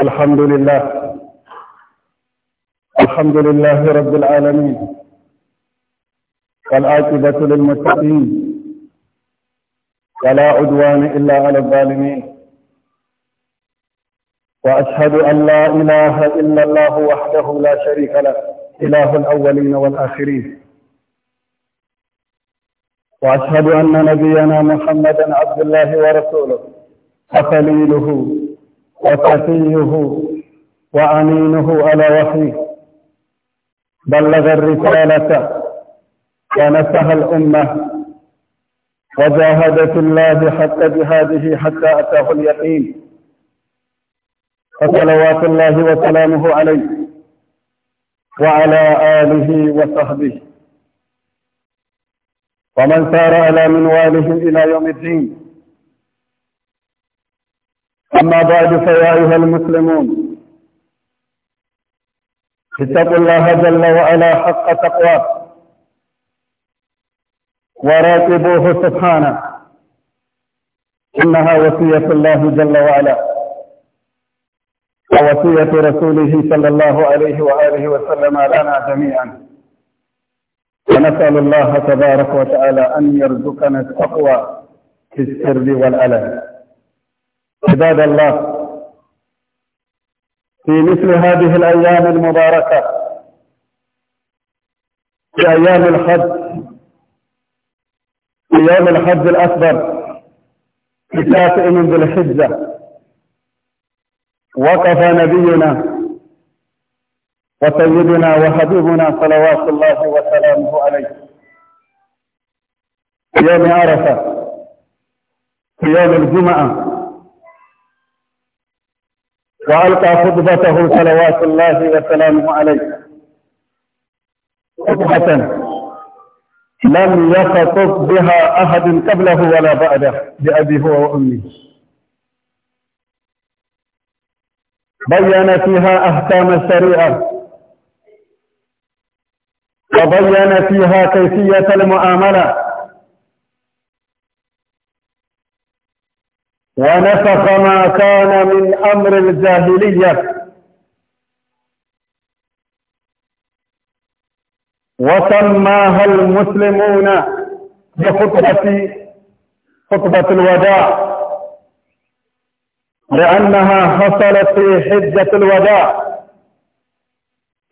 الحمد لله الحمد لله رب العالمين والعاقبة للمتقين ولا عدوان إلا على الظالمين وأشهد أن لا إله إلا الله وحده لا شريك له إله الأولين والآخرين وأشهد أن نبينا محمدا عبد الله ورسوله وخليله وصفيه وأمينه على وحيه بلغ الرسالة ونسها الأمة وجاهد في الله حتى جهاده حتى أتاه اليقين فصلوات الله وسلامه عليه وعلى آله وصحبه ومن سار على منواله إلى يوم الدين أما بعد فيا أيها المسلمون اتقوا الله جل وعلا حق تقواه وراقبوه سبحانه إنها وصية الله جل وعلا ووصية رسوله صلى الله عليه وآله وسلم لنا جميعا ونسأل الله تبارك وتعالى أن يرزقنا التقوى في السر والألم عباد الله في مثل هذه الأيام المباركة في أيام الحج في يوم الحج الأكبر في تاسع من ذي الحجة وقف نبينا وسيدنا وحبيبنا صلوات الله وسلامه عليه في يوم عرفة في يوم الجمعة وألقى خطبته صلوات الله وسلامه عليه خطبة لم يخطب بها أحد قبله ولا بعده بأبي هو وأمي بين فيها أحكام الشريعة وبين فيها كيفية المعاملة ونفخ ما كان من أمر الجاهلية وسماها المسلمون بخطبة خطبة الوداع لأنها حصلت في حجة الوداع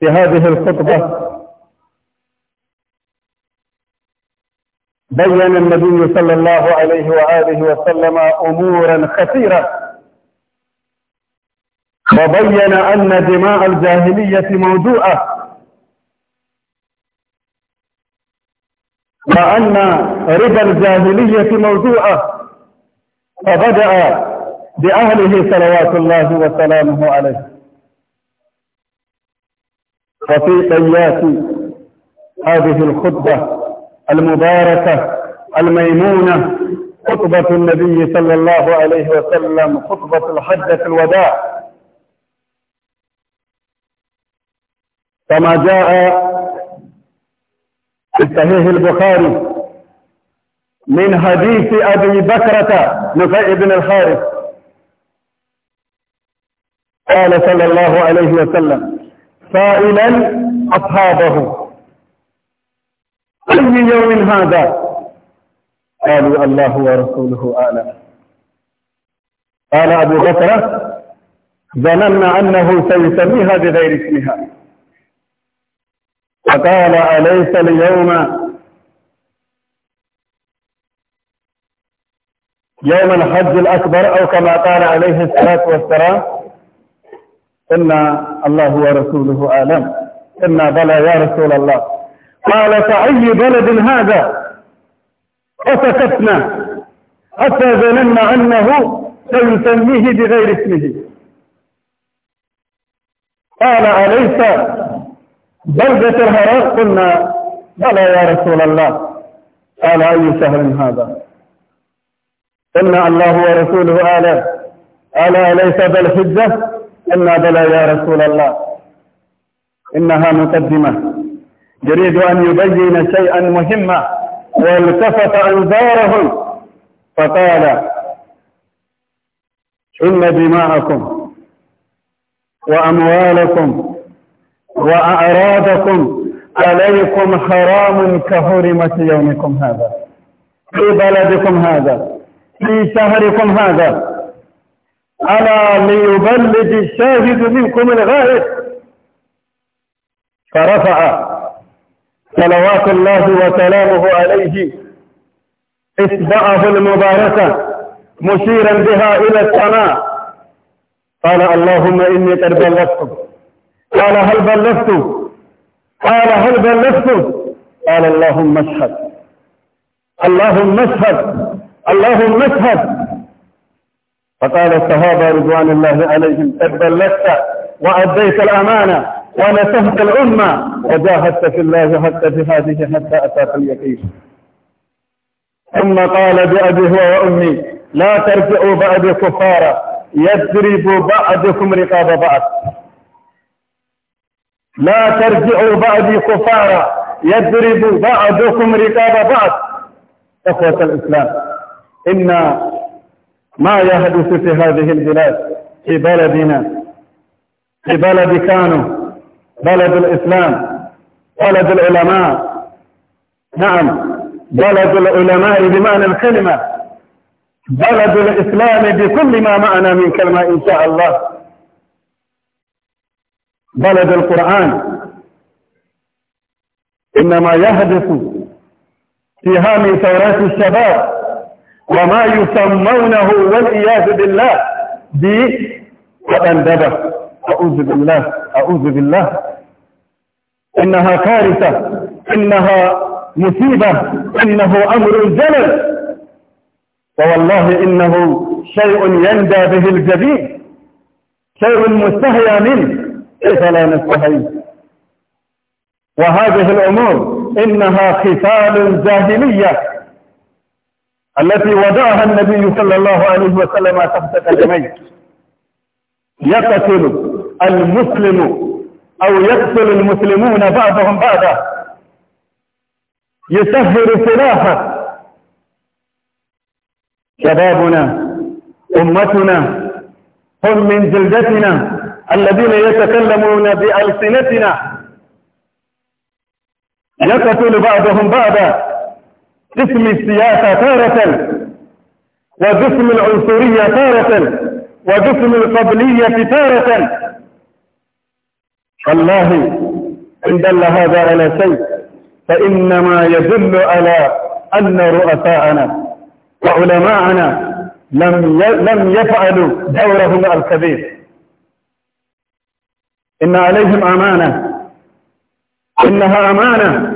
في هذه الخطبة بين النبي صلى الله عليه وآله وسلم أمورا كثيرة وبين أن دماء الجاهلية موضوعة وأن ربا الجاهلية موضوعة فبدأ بأهله صلوات الله وسلامه عليه وفي طيات هذه الخطبة المباركة الميمونة خطبة النبي صلى الله عليه وسلم خطبة الحجة الوداع كما جاء في صحيح البخاري من حديث أبي بكرة نفع بن الحارث قال صلى الله عليه وسلم سائلا أصحابه أي يوم هذا قالوا الله ورسوله أعلم قال أبو بكر ظننا أنه سيسميها بغير اسمها فقال أليس اليوم يوم الحج الأكبر أو كما قال عليه الصلاة والسلام إن الله ورسوله أعلم إن بلى يا رسول الله قال فأي بلد هذا فسكتنا حتى ظننا أنه سيسميه بغير اسمه قال أليس بلدة الهراء قلنا بلى يا رسول الله قال أي شهر هذا قلنا الله ورسوله أعلم ألا ليس بالحجة إنا قلنا بلى يا رسول الله إنها مقدمة يريد أن يبين شيئا مهما والتفت أنظارهم فقال إن دماءكم وأموالكم وأعراضكم عليكم حرام كهرمة يومكم هذا في بلدكم هذا في شهركم هذا ألا ليبلد الشاهد منكم الغائب فرفع صلوات الله وسلامه عليه اتبعه المباركة مشيرا بها إلى السماء قال اللهم إني قد بلغتك قال هل بلغت قال هل بلغت قال اللهم اشهد اللهم اشهد اللهم اشهد فقال الصحابة رضوان الله عليهم قد بلغت وأديت الأمانة ونسفت الأمة وجاهدت في الله حتى جهاده حتى أتاك اليقين ثم قال بأبيه هو وأمي لا ترجعوا بعد كفارا يضرب بعضكم رقاب بعض لا ترجعوا بعد كفارا يضرب بعضكم رقاب بعض أخوة الإسلام إن ما يحدث في هذه البلاد في بلدنا في بلد كانوا بلد الإسلام بلد العلماء نعم بلد العلماء بمعنى الكلمة بلد الإسلام بكل ما معنى من كلمة إن شاء الله بلد القرآن إنما يهدف في هام ثورات الشباب وما يسمونه والإياذ بالله بقندبة أعوذ بالله أعوذ بالله إنها كارثة إنها مصيبة إنه أمر الجلل ووالله إنه شيء يندى به الجبين شيء مستهيا منه كيف لا نستهي وهذه الأمور إنها خفال جاهلية التي وضعها النبي صلى الله عليه وسلم تحت كلمين يقتل المسلم أو يقتل المسلمون بعضهم بعضا يسهر سلاحه شبابنا أمتنا هم من جلدتنا الذين يتكلمون بألسنتنا يقتل بعضهم بعضا باسم السياسة تارة وباسم العنصرية تارة وباسم القبلية تارة والله إن دل هذا على شيء فإنما يدل على أن رؤساءنا وعلماءنا لم لم يفعلوا دورهم الكبير إن عليهم أمانة إنها أمانة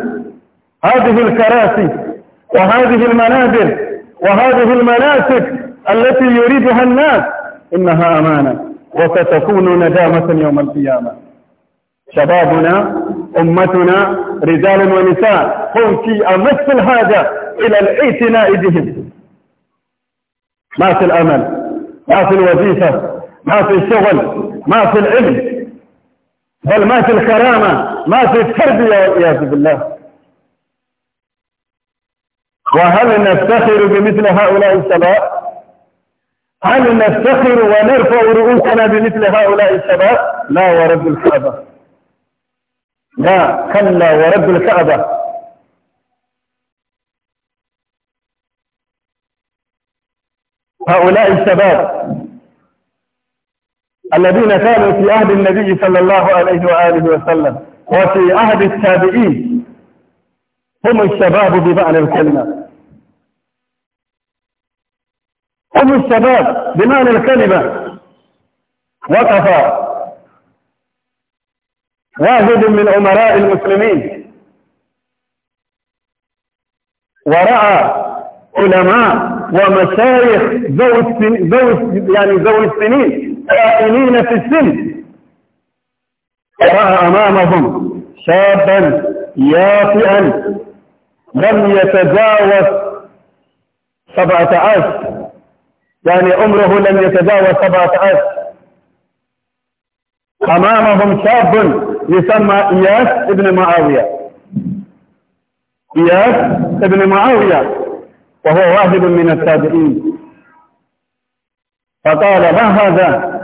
هذه الكراسي وهذه المنابر وهذه المناسك التي يريدها الناس إنها أمانة وستكون ندامة يوم القيامة شبابنا أمتنا رجال ونساء هم في أمس الحاجة إلى الاعتناء بهم ما في الأمل ما في الوظيفة ما في الشغل ما في العلم بل ما في الكرامة ما في التربية والعياذ بالله وهل نفتخر بمثل هؤلاء الشباب هل نفتخر ونرفع رؤوسنا بمثل هؤلاء الشباب لا ورب الكعبة لا كلا ورب الكعبة هؤلاء الشباب الذين كانوا في عهد النبي صلى الله عليه وآله وسلم وفي عهد التابعين هم الشباب بمعنى الكلمة هم الشباب بمعنى الكلمة وقف واحد من أمراء المسلمين ورأى علماء ومشايخ ذوي السن... يعني ذوي السنين قائمين في السن رأى أمامهم شابا يافئا لم يتجاوز سبعة عشر يعني عمره لم يتجاوز سبعة عشر أمامهم شاب يسمى إياس ابن معاوية إياس ابن معاوية وهو واحد من التابعين فقال ما هذا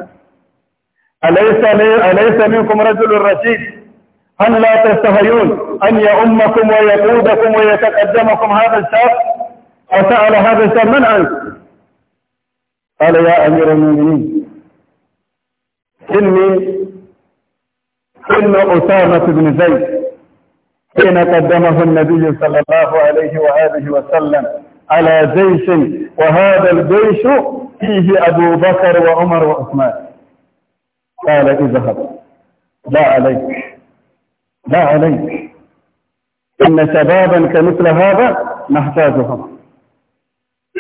أليس, لي أليس منكم رجل رشيد هل لا تستهيون أن يؤمكم ويقودكم ويتقدمكم هذا الشاب فسأل هذا الشاب من أنت قال يا أمير المؤمنين إني ان أسامة بن زيد حين قدمه النبي صلى الله عليه وآله وسلم على جيش وهذا الجيش فيه أبو بكر وعمر وعثمان قال اذهب لا عليك لا عليك إن شبابا كمثل هذا نحتاجهم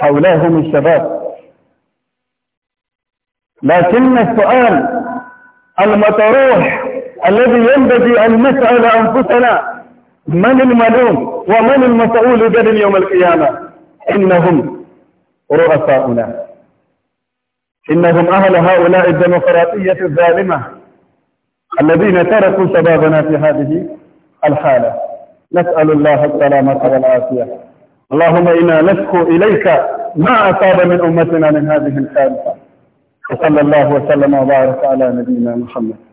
حولاهم الشباب لكن السؤال المطروح الذي ينبغي أن نسأل أنفسنا من الملوم ومن المسؤول به يوم القيامة إنهم رؤساؤنا إنهم أهل هؤلاء الديمقراطية الظالمة الذين تركوا شبابنا في هذه الحالة نسأل الله السلامة والعافية اللهم إنا نشكو إليك ما أصاب من أمتنا من هذه الحالة وصلى الله وسلم وبارك على نبينا محمد